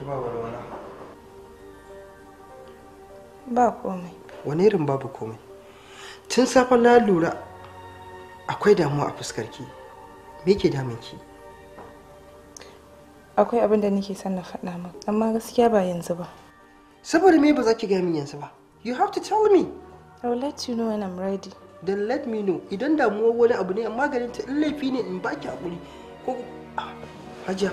ki ba walwala ba komai wani irin babu komai tun safe na lura akwai damuwa a fuskarki me ke ki. akwai abin da nake son na faɗa min amma gaskiya ba yanzu ba saboda me ba za ki gaya min yanzu ba you have to tell me will let you know when i'm ready then let me know idan damuwa wani abu ne amma ganin ta in laifi ne in baki hakuri ko ah, hajiya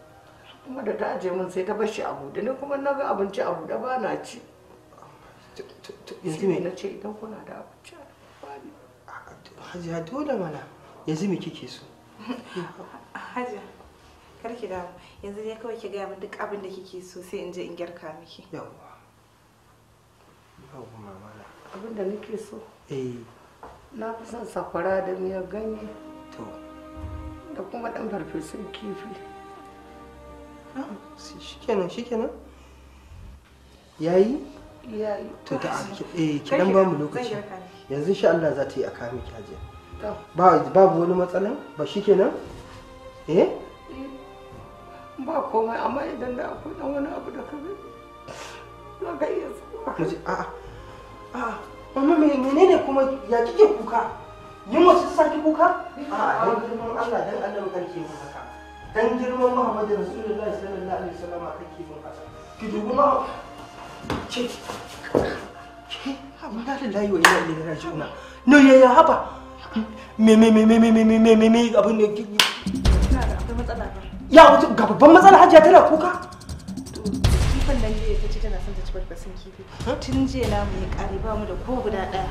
kuma da ta aje min sai ta bashi shi a buɗe ni kuma na ga abinci a buɗe ba na ci yanzu me na ce idan kuna da abinci Haji hajiya dole mana yanzu me kike so Haji kar ki damu yanzu dai kawai ki ga mun duk abin da kike so sai in je in girka miki yawa yawa mama na abin da nake so eh na fi son safara da miyar ganye to da kuma dan farfesun kifi shikenan shikenan yayi yayi to ta eh kidan ba mu lokaci yanzu insha Allah za ta yi aka miki hajiya ba babu wani matsala ba shikenan eh? eh ba komai amma idan da akwai dan wani abu da kabe Na ga iya zuwa a'a a'a mama menene kuma ya kike kuka yin wasu saki kuka a'a dan Allah dan Allah karke mu haka dan girman Muhammadu Rasulullahi sallallahu alaihi wasallam kake mun haka ki dubi ma ce ke amma lillahi wa inna ilaihi raji'una no ya ya haba me me me me me me me me me abin ki ya wata ga babban matsala hajiya tana kuka kifin nan jiya ta ce tana son ta ci barbasin kifi tun jiya na ya kare ba mu da ko guda daya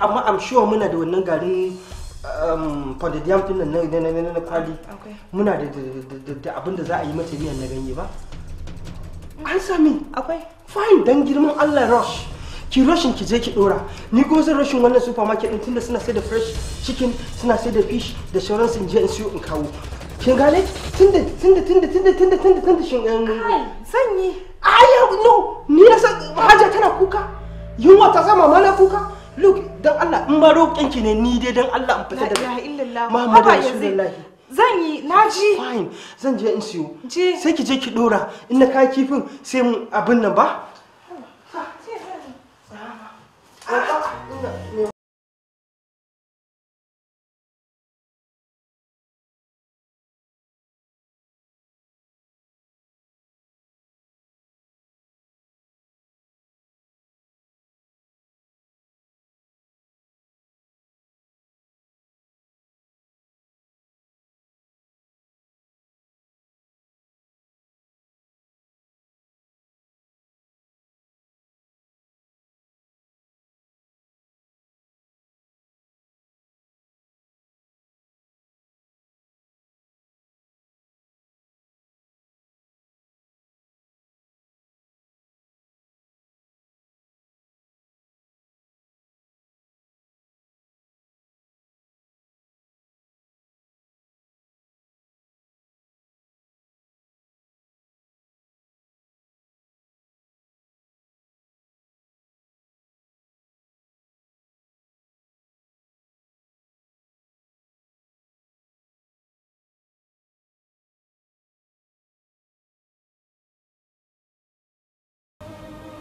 amma am sure muna da wannan garin Um, pandadiyam din nan na kwali muna da abin da za a yi mata miyan na ganye ba mm. an sami akwai fine dan girman allah rush ki rashin ki je ki dora ni ko zan wannan supermarket din tunda suna sai da fresh chicken suna sai da fish da sauran sun je in siyo in kawo kin gane tunda tunda tunda tunda tunda tunda tunda shin sanyi um, no ni na haja tana kuka yunwa ta zama mana kuka Look, dan Allah, in ma roƙinki ne ni dai dan Allah in fita da La ilaha illallah. Muhammadu Rasulullahi. Zan yi, naji. Fine, zan je in siyo. Je. Sai ki je ki dora, in na ka kifin sai mun abin nan ba?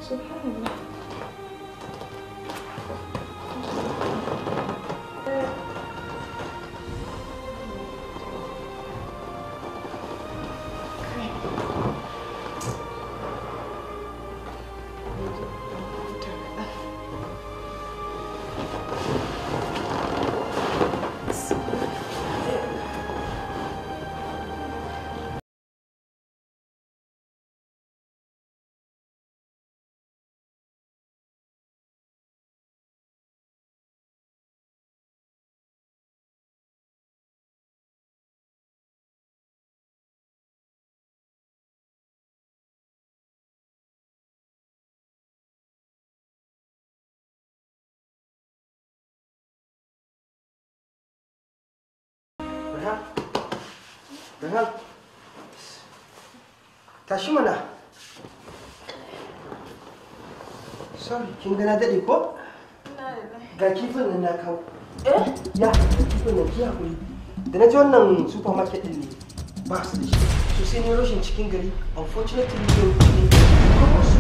Subhanallah. Rehan Rehan tashi mana sorry kin gana daɗe ko ga kifin nan na kawo eh ya kifin nan ki hakuri da na ji wannan supermarket din ne ba su da shi so sai ne rushin cikin gari unfortunately ne ne kuma su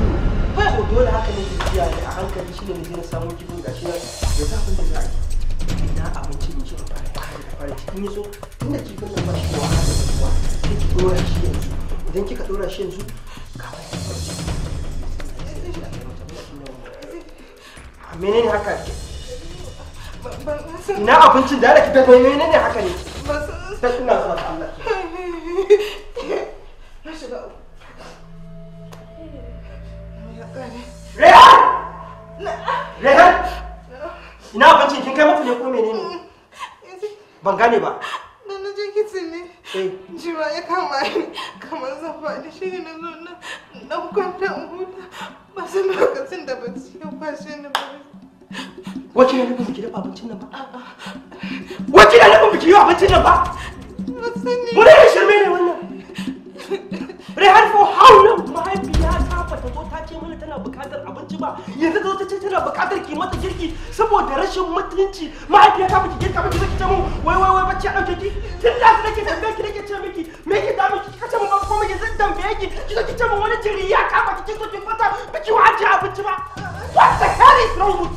ba so dole haka ne tafiya da a hankali shi ne na je na samo kifin gashi na da zafin da za a yi na abinci ne shi ba fara ci in yaso inda ki kan shi da da kuwa sai ki dora shi yanzu idan kika dora shi yanzu menene haka na abincin da ake tafiya menene haka ne ta zuwa Allah matar ki mata kirki saboda rashin mutunci mahaifiyata baki girka baki zaki ce mun wai wai wai bacci a dauke ki tun da su nake tambaye ki nake ce miki me ki da miki kika ce mun ba kuma ki zan tambaye ki ki zaki ki ce mun wani jiri ya kama ki ki so ki fata baki wa ji abinci ba what the hell is wrong with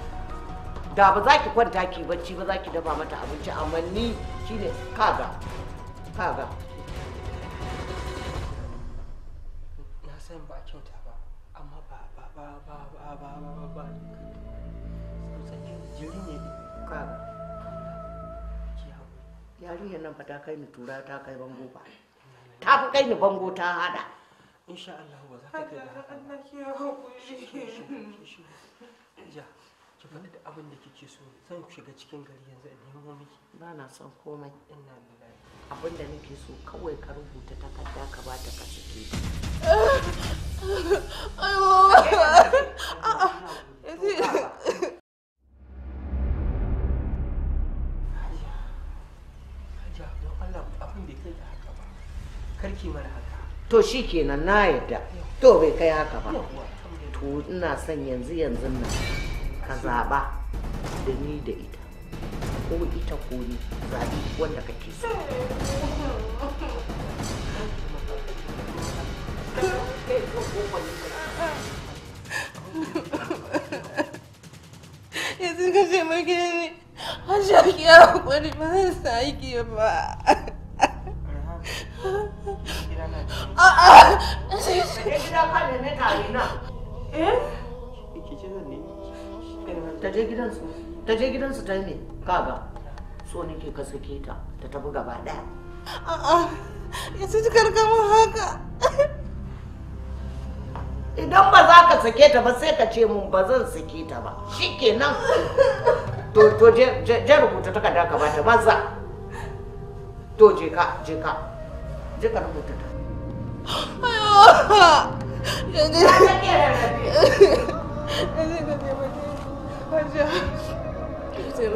da ba za ki kwanta ki bacci ba za ki dafa mata abinci amma ni shine kaga kaga na san ba kyauta ba amma ba ba ba ba ba ba ba ba jiri ne kaga yarinyar nan ba ta kai ni tura ta kai bango ba ta fi kai ni bango ta hada insha Allah ba za ta kai ba Allah ya hakuri ki faɗi da abin da kike so zan shiga cikin gari yanzu in nemo miki ba na son komai lillahi abin da nake so kawai ka rubuta takarda ka ba ta ka cike to shi kenan na yadda to bai kai haka ba to ina son yanzu yanzu nan ka zaba da ni da ita ko ita ko ni zaɓi wanda kake so yanzu ka ba zan sa aiki ba a'a ta je gidansu ta je gidansu ta ne kaga so nake ka sake ta ta tafi gaba daya a'a yanzu ji haka idan ba za ka sake ta ba sai ka ce mun ba zan sake ta ba shikenan to to je je rubuta takarda ka bata maza to je ka je ka je ka rubuta ta yanzu ka ke rarrabe yanzu ka ke Hajiya.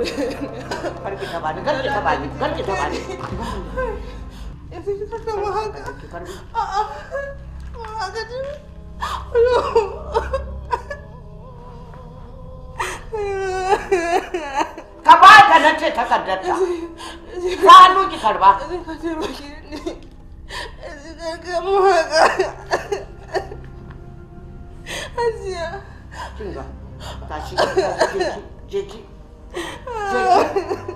ka kama haka. Ka na ce takardar Ka hannu karba. Zai Taşı. Ceci. Jackie Jackie.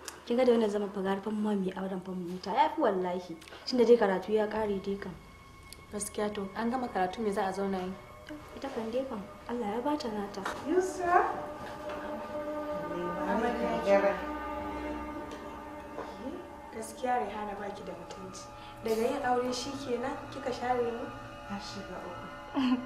kin ga da wannan zaman fagar fa mu mai auren fa mu huta yafi wallahi da dai karatu ya kare dai kan gaskiya to an gama karatu me za a zauna yi ita kan dai kan Allah ya bata nata yusa gaskiya Rihana baki da mutunci daga yin aure shikenan kika share mu a shiga uku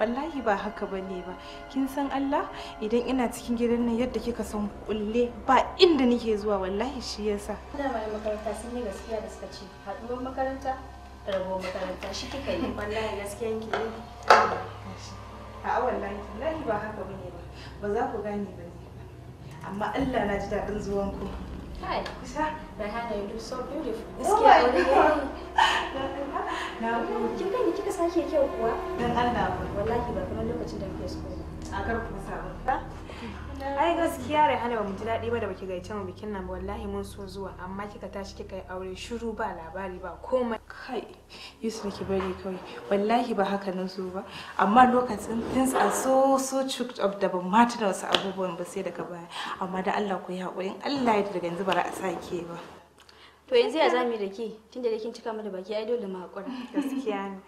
wallahi ba haka ba ne ba kin san Allah idan ina cikin gidan nan yadda kika san kulle ba inda nike zuwa wallahi shi yasa ina mai makaranta sun yi gaskiya da suka ce haduwar makaranta da makaranta shi kika yi wallahi gaskiyan ki ne a wallahi wallahi ba haka ba ne ba ba za ku gane ba ne amma Allah na ji daɗin zuwan ku kai kusa Rahana you do so beautiful oh gaskiya kika sake kyau kuwa? Dan kamar lokacin da so. A sa Ai gaskiya rai hana ba mu ji daɗi ba da baki gaice mu bikin nan wallahi mun so zuwa amma kika tashi kika yi aure shiru ba labari ba komai. Kai Yusuf ki bari kawai wallahi ba haka na zo ba amma lokacin things are so so choked up da ban ma tuna wasu abubuwan ba sai daga baya amma da Allah ku yi haƙuri Allah ya daga yanzu ba za a sake ba. To yanzu ya zami da ke tunda da kin cika mu baki ai dole mu hakura. Gaskiya ne.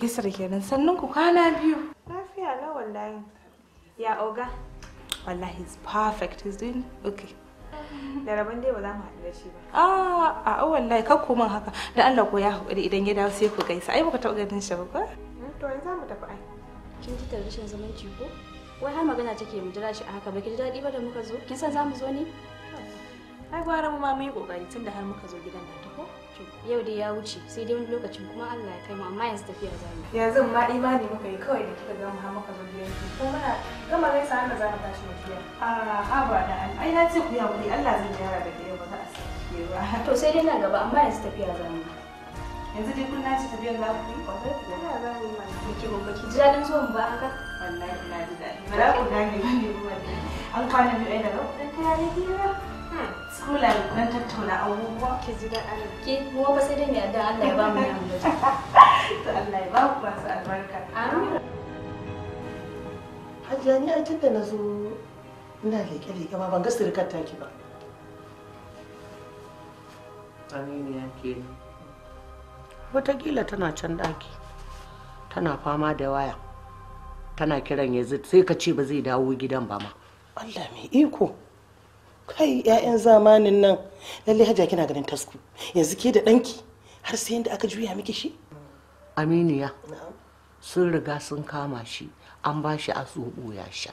Yusra kenan sannan ku kwana biyu. Lafiya la wallahi. Ya oga. Wallahi he's perfect. He's doing okay. Da rabon dai ba za mu haɗu da shi ba. Ah, a ah, oh, wallahi kar ku min haka. Da Allah ko ya haƙuri idan ya dawo sai ku gaisa. Ai baka taɓa ganin shi ba ko? Hmm, to yanzu za mu tafi ai. Kin ji tarishin zumunci ko? Wai har magana take mu jira shi a haka ba ki ji daɗi ba da muka zo? Kin san za mu zo ne? ai gwara mu ma mun yi kokari tun da har muka zo gidan nan ta ko yau dai ya wuce sai dai wani lokacin kuma Allah ya kai mu amma yanzu tafiya za mu yanzu ma imani muka yi kawai da kika gama muka zo gidan ki ko muna gama zai sa Allah za mu tashi mu tafiya Ah ha ba da ai na ce ku ya wuri Allah zai gyara da kai ba za a sake ba to sai dai na gaba amma yanzu tafiya za mu yanzu dai kun nace tafiyar za ku yi ko sai tafiya za mu yi ma kike mun ki ji dadin zuwan ba haka wallahi na ji dadi ba za ku gane ba ne wallahi an kwana mu ɗaya da rabu dan kira ne kira Sula dan tattauna abubuwa. Ki ji dan Allah. Ki ba sai dai Allah ya ba mu da To Allah ya ba ku masu albarka. Hajiya ni tunda na zo ina leƙe-leƙe ba ban ga sirkar taki ba. Aminiya ke Wataƙila tana can ɗaki, tana fama da waya, tana kiran yanzu sai ka ce ba zai dawo gidan ba ma. Allah mai iko. kai 'ya'yan zamanin nan lallai hajiya kina ganin tasku yanzu ke da ɗanki har sai yadda aka juya miki shi aminiya sun riga sun kama shi an ba shi a zobo ya sha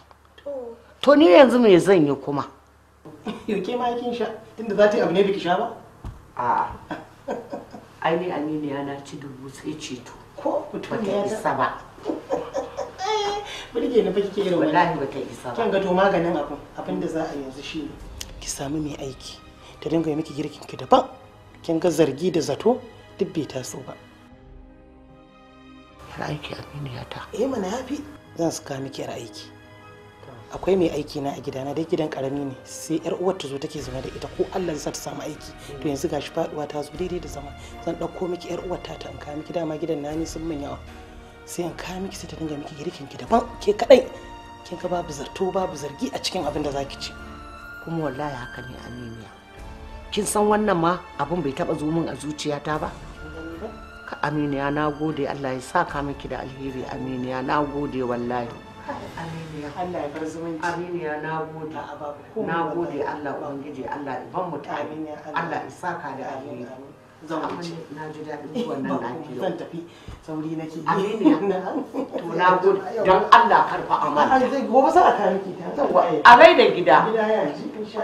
to ni yanzu me zan yi kuma yauke ma yakin sha tunda za ta yi abu ne biki sha ba a aini aminiya na ci dubu sai ceto ko ba ta isa ba burge na fa kike irin wallahi ta isa ba kin ga to maganin abin abin da za a yanzu ne ki samu mai aiki ta dinga miki girkin ki daban kin ga zargi da zato duk bai taso ba aiki ya ta eh mana yafi zan saka miki yar aiki akwai mai aiki na a gidana dai gidan karami ne sai yar uwar ta zo take zama da ita ko Allah ya ta samu aiki to yanzu gashi faduwa ta zo daidai da zama zan dauko miki yar uwar ta ta in ka miki dama gidan na ne sun min yawa sai in ka miki sai ta dinga miki girkin ki daban ke kadai kin ka babu zarto babu zargi a cikin abin da zaki ci kuma wallahi haka ne aminiya kin san wannan ma abin bai taba min a zuciyata ba ka aminiya na gode allah ya sa ka miki da alheri aminiya na gode wallahi aminiya na gode na gode allah ubangiji allah ban mu ta allah isa ka da alheri zan wuce na ji daɗin nan zan tafi sauri nake to na gudu dan Allah karfa amana gobe a gida gida ya ji ce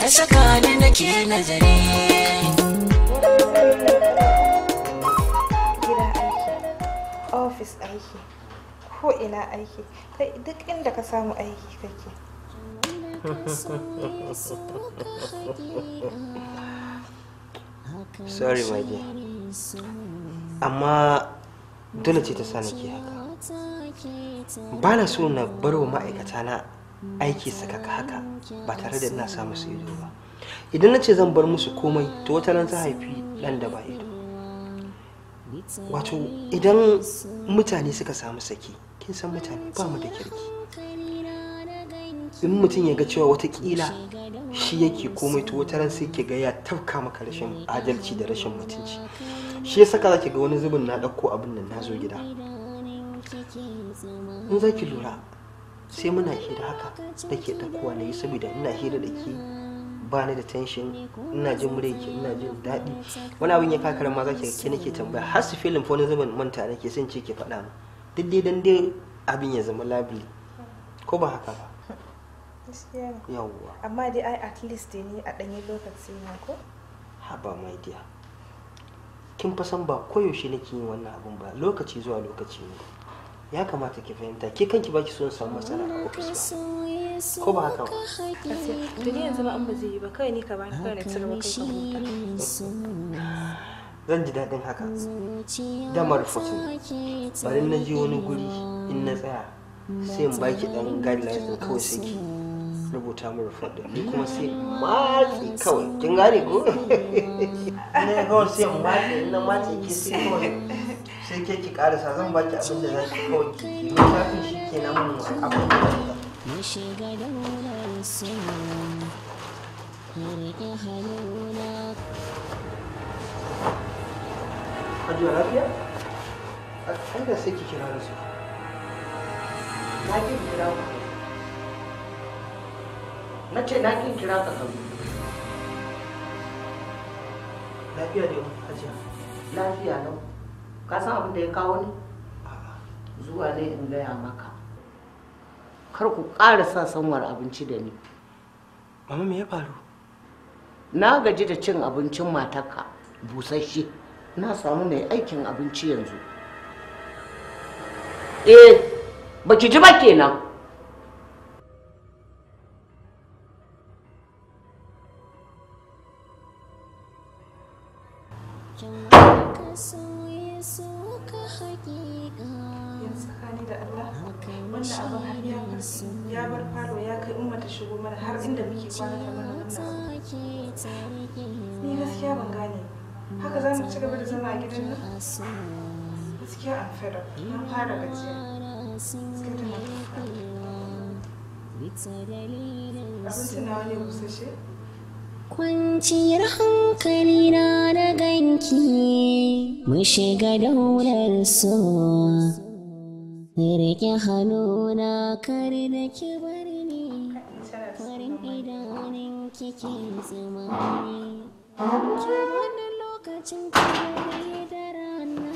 ta tsakanin nake nazari ofis aiki ko ina aiki kai duk inda ka samu aiki kake sorry my dear amma dole ce ta sa nake haka ba na so na bar wa ma'aikata na aiki sakaka haka ba tare da ina samu su ido ba idan na ce zan bar musu komai to wata nan ta haifi dan da ba ido wato idan mutane suka samu saki kin san mutane ba mu da kirki in mutum ya ga cewa watakila shi yake komai to wata ran sai ke ga ya tafka maka rashin adalci da rashin mutunci shi ya saka zaki ga wani zubin na ɗauko abin nan na zo gida in zaki lura sai muna hira haka da ke ɗaukowa na yi saboda ina hira da ke ba ni da tension ina jin mureki ina jin daɗi wani abin ya kakar ma zaki ke nake tambaya har su filin fa wani zaman manta nake sun ce ke faɗa mu duk dai dan dai abin ya zama labili ko ba haka ba yawwa amma dai ai at least dai ni a ɗanyen lokaci na ko haba mai dear kin fa san ba koyaushe nake yin wannan abin ba lokaci zuwa lokaci ne ya kamata ki fahimta ke kanki baki son samu matsala a ofis ba ko ba haka ba to ni yanzu ba an ba zai yi ba kai ni ka ba kai na tsira kai ka huta zan ji daɗin haka damar fotin bari na je wani guri in na tsaya sai in baki dan guidelines ko sai ki rubuta mu rufar da ni kuma sai matsi kawai kin gane ko ne ko sai matsi na matsi ki sai kawai sai ke ki karasa zan baki abin da zaki kawai ki ki kafin shi kenan mun abin da na shiga da wurin sama ka haluna Ajiya lafiya? Ai da sai ki kira da su. Na ki kira ku. na ce na kin kira ka kan lafiya ne hajiya lafiya ne ka san abin da ya kawo ni zuwa ne in gaya maka kar ku ƙara sa sanwar abinci da ni mama me ya faru na gaji da cin abincin matarka busasshe na samu mai aikin abinci yanzu eh baki ji ba kenan kin ka ka da Allah wannan abin har ya bar ya kai mana har inda muke mana wannan ni gaskiya ban haka za mu ci gaba da zama a gidan nan gaskiya an fara na fara tunawa ne busasshe kwanciyar hankali na na ganki mu shiga daular so rike hannu na kar da ki bar ni farin idanun kike zama ne wani lokacin kare da rana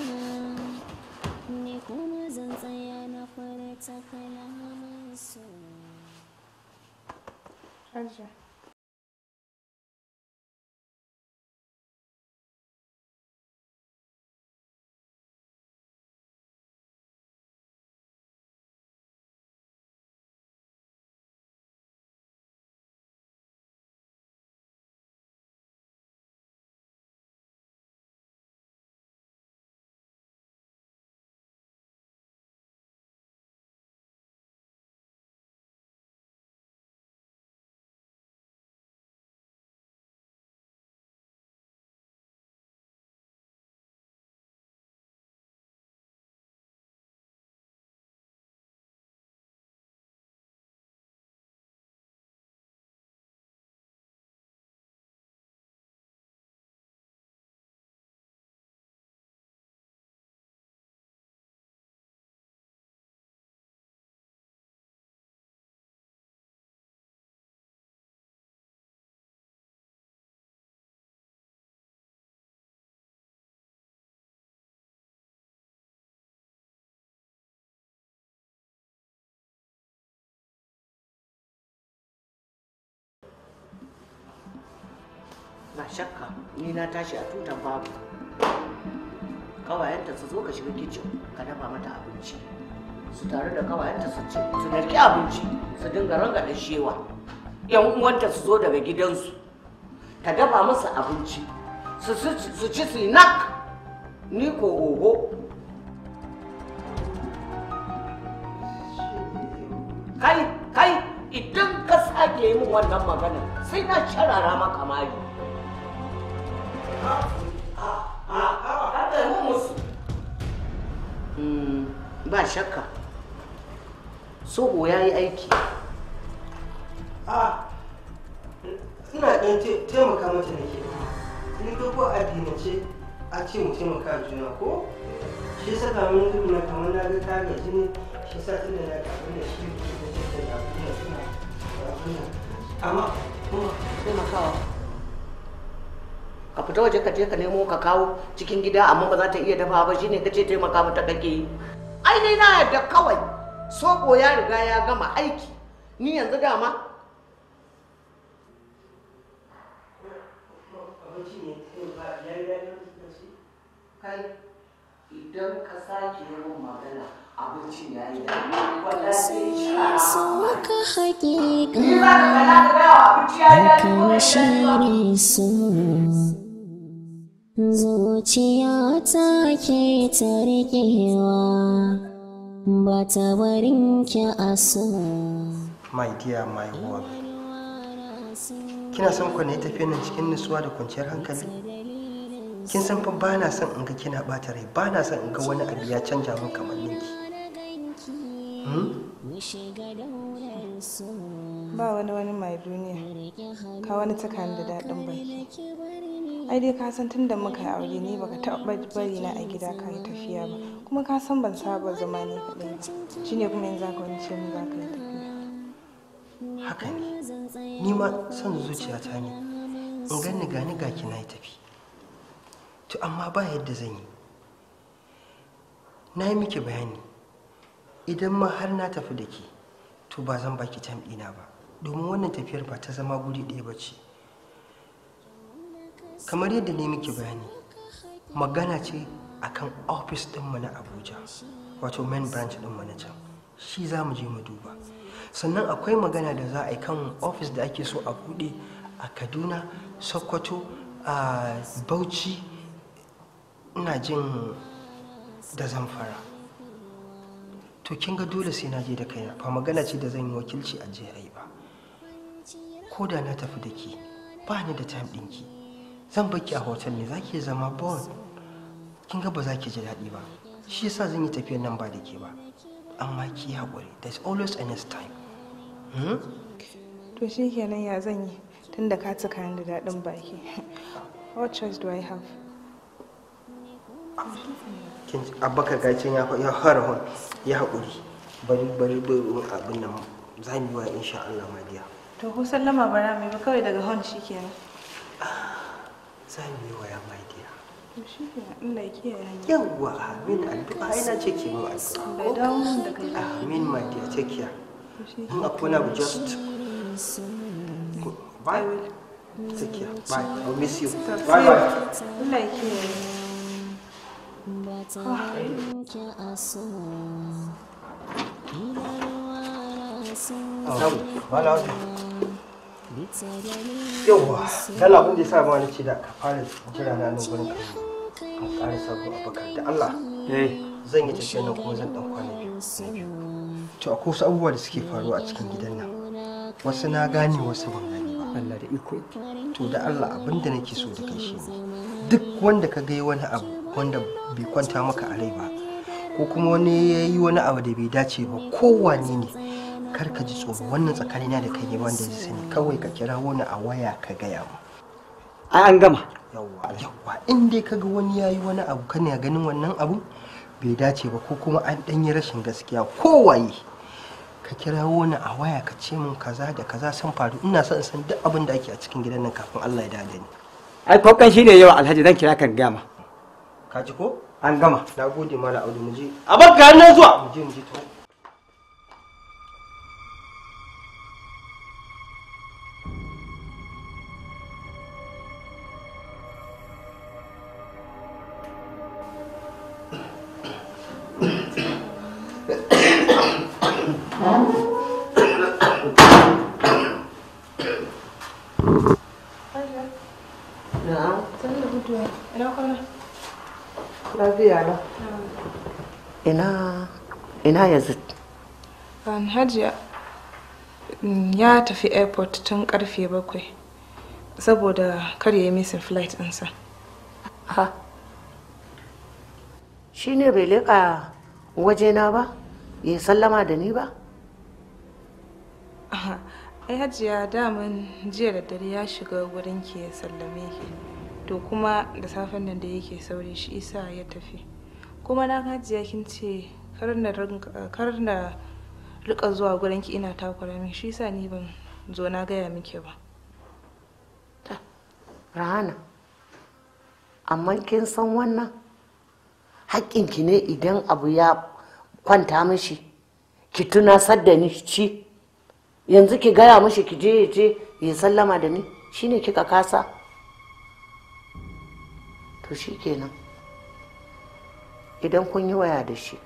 ne kuma zan tsaya na fara kalaman so Thank ba shakka ni na tashi a tutan babu kawayenta su zo ka shiga kicin ka dafa mata abinci su tare da kawayenta su ci su narki abinci su dinga ranga da shewa yan uwanta su zo daga gidansu ta dafa musu abinci su ci su nak ni ko gogo kai kai idan ka sake yi min wannan magana sai na shirara maka mari ba shakka soho ya yi aiki a ina ɗan taimaka mata da ke ko ga ko addinance a ce mu taimaka juna ko shi yasa ga mun zubi na kamar na ga ta gaji ne shi yasa tun da na kafin da shi ke da shi da abin da suna abin amma kuma taimakawa ka fita waje ka je ka nemo ka kawo cikin gida amma ba za ta iya dafa ba shine kace taimaka mata kake yi ai dai na yarda kawai soko ya riga ya gama aiki ni yanzu dama idan ka sake yin magana abincin ya yi Sauka hakika, haka shi ne so. zuciya ta ke tarkewa ba ta barin ki a so my dear my work kina son ku ne tafiya nan cikin nutsuwa da kwanciyar hankali kin san fa bana son in ga kina bata rai bana son in ga wani abu ya canja min kamar ninki hmm? ba wani wani mai duniya ka wani takan da daɗin baki ai dai ka san da muka yi aure ni baka taɓa bari na a gida ka yi tafiya ba kuma ka san ban saba zama ne kaɗai ba shine kuma yanzu ka wani ce za ka yi tafiya haka ne ni ma son zuciyata ne in ganni gani ga ki na yi tafi to amma ba yadda zan yi na yi miki bayani idan ma har na tafi da ki to ba zan baki tam ba domin wannan tafiyar ba ta zama guri ɗaya ba ce kamar yadda ne muke bayani magana ce akan ofis ɗinmu na abuja wato main branch ɗinmu na can shi za mu je mu duba sannan akwai magana da za a yi kan ofis da ake so a bude a kaduna sokoto a bauchi ina jin da zamfara to kin ga dole sai na je da kaina ba magana ce da zan yi wakilci a jerai ba ko da na tafi da ke ba ni da time ɗinki zan baki a hotel ne zaki zama bon kin ga ba za ki ji daɗi ba shi yasa zan yi tafiyar nan ba da ke ba amma ki haƙuri there's always a next time hmm? to shi kenan ya zan yi tun da ka cika da daɗin baki what choice do i have kin ka gacin ya ya hon ya haƙuri bari bari bari abin nan za mu yi wa insha Allah madiya to ko sallama bara mai ba kawai daga hon kenan. za mu yi waya mai diya Allah yawwa amin addu'a ina ce ki addu'a amin my dear take care in akwai na just bye take bye i'll miss you bye bye kiyaye ba ta yauwa dala kun da sa ma ni ce da ka fara jira na nan gurin ka ƙara sabu abakar da Allah eh. zan yi tafiya nan kuma zan dan kwana biyu to akwai wasu abubuwa da suke faruwa a cikin gidan nan wasu na gane wasu ban gane ba Allah da iko to da Allah abin da nake so da kai shi ne, duk wanda ka ga wani abu wanda bai kwanta maka a rai ba ko kuma wani ya yi wani abu da bai dace ba kowane ne kar ka ji tsoro wannan tsakanina da kai ne wanda ya sani kawai ka kira wani a waya ka gaya mu ai an gama yawwa yawwa in dai kaga wani yayi wani abu kana ganin wannan abu bai dace ba ko kuma an dan yi rashin gaskiya ko waye ka kira wani a waya ka ce mun kaza da kaza san faru ina son san duk abin da ake a cikin gidan nan kafin Allah ya dace ni ai kan shine yau alhaji zan kira kan gama ka ji ko an gama nagode mala audu muje. a barka hannun zuwa muje muje to hajiya ya tafi airport tun karfe bakwai saboda kar ya yi missing flight ɗinsa ha shi ne bai leƙa wajena ba ya sallama da ni ba ai hajiya daman jiya da dare ya shiga wurin ki ya sallame ki to kuma da safen nan da yake sauri shi isa ya tafi kuma na hajiya kin ce kar na rika zuwa gurin ki ina takura min shi yasa ni ban zo na gaya miki ba rahana amma kin san wannan Hakkin ki ne idan abu ya kwanta mishi ki tuna sadda ni ci yanzu ki gaya mishi ki je ya je ya sallama da ni shine kika kasa to shi idan kun yi waya da shi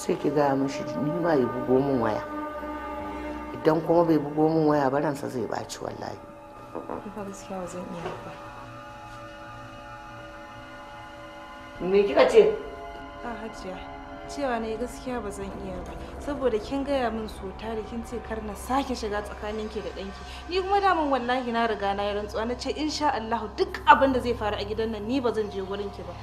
sai ki gaya mishi ni ma ya bugo min waya idan kuma bai bugo min waya ba ransa zai baci wallahi me kika ce a hajiya cewa ne gaskiya ba zan iya ba saboda kin gaya min so tare kin ce kar na sake shiga tsakanin ki da danki ni kuma damun wallahi na riga na yi rantsuwa na ce insha Allah duk abin da zai faru a gidan nan ni ba zan je gurin ki ba